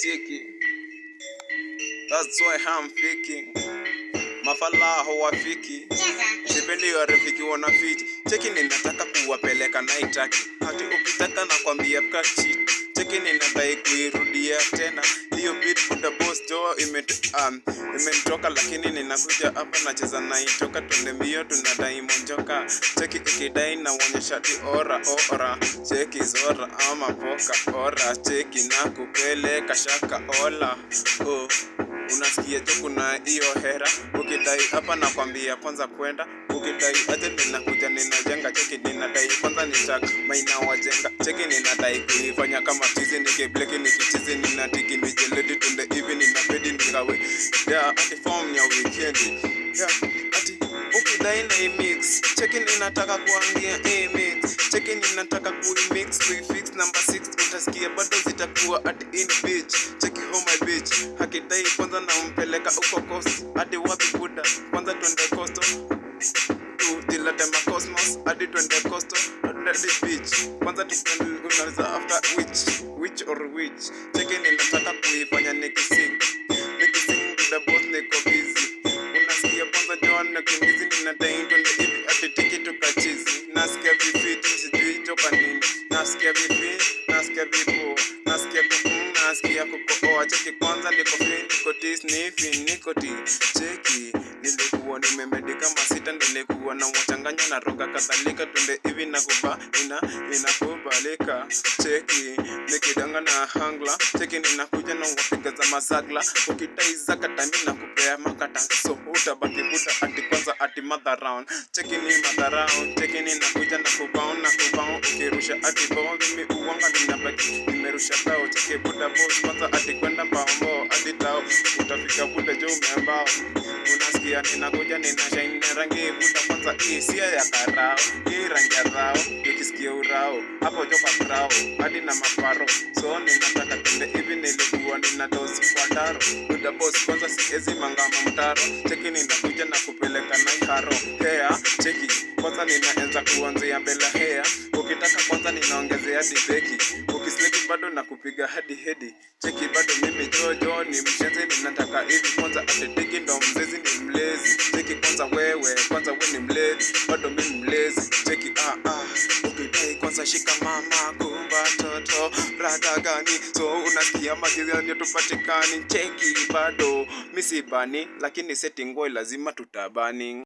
ticking. That's why I'm faking. Mafala hawafiki, sipendi wana fiti Cheki ninataka kuwapeleka naitaki, hati ukitaka na kwambia kachit. Cheki ninadai kuirudia tena mvua imenitoka um, lakini ninakuja hapa nacheza naitoka, twende mbio, tuna diamond joka cheki ikidai na uonyeshati ora ora cheki zora ama poka ora cheki na kupeleka shaka ola oh. Unasikia tu kuna hiyo hera? Ukidai hapa nakwambia kwanza kwenda, ukidai aje ninakuja ninajenga, cheki ninadai kwanza nitaka maina wajenga, cheki ninadai kuifanya kama tizi, nikibleki nikichizi ninati kawe ya akifom ya wikendi ya ati ukidaina mix checking inataka kuangia mix checking inataka ku mix we fix number 6 utasikia bado zitakuwa at in bitch checking home oh my bitch hakidai kwanza na umpeleka uko coast hadi wapi buda kwanza twende coast ma cosmos hadi twende coast hadi bitch kwanza tukwende unaweza after which which or which checking inataka kuifanya nikising niko busy, unasikia kwanza John na niko oh, poa, cheki kwanza, niko free, niko tis nifi niko ti cheki nilikuwa nimemedi kama sita, nilikuwa na mwachanganya na roga kadhalika, tunde hivi na kuba ina inakubalika, cheki nikidanga na hangla, cheki ninakuja na wapiga za mazagla, ukitaiza katami na kupea makata, so utabaki buta ati kwanza ati mother round, cheki ni mother round, cheki ninakuja na kubao na kubao, ukirusha ati bao mimi uwanga ninabaki nimerusha Chakula cheume ambao unasikia ninakuja ninashaini rangi kuta kwanza isia ya karao hii rangi ya dhao nikisikia urao hapo joka krao hadi na mafaro so ninataka tende hivi nilikuwa ninatosi kwa taro kuda boss kwanza siezi mangama mtaro cheki ninakuja na kupeleka na karo hea cheki kwanza ninaenza kuanzia mbele hea sasa ninaongezea dibeki, ukislipi bado na kupiga hadi hedi. Cheki bado mimi jojo ni mshenzi, ninataka hivi kwanza, atedigi ndo mzezi ni mlezi. Cheki kwanza wewe kwanza we ni mlezi, bado mimi mlezi. Cheki ah ah, ukidai kwanza shika mama kumba toto rada gani? So unasikia magizani tupatikani. Cheki bado misibani, lakini seti ngoi lazima tutabani.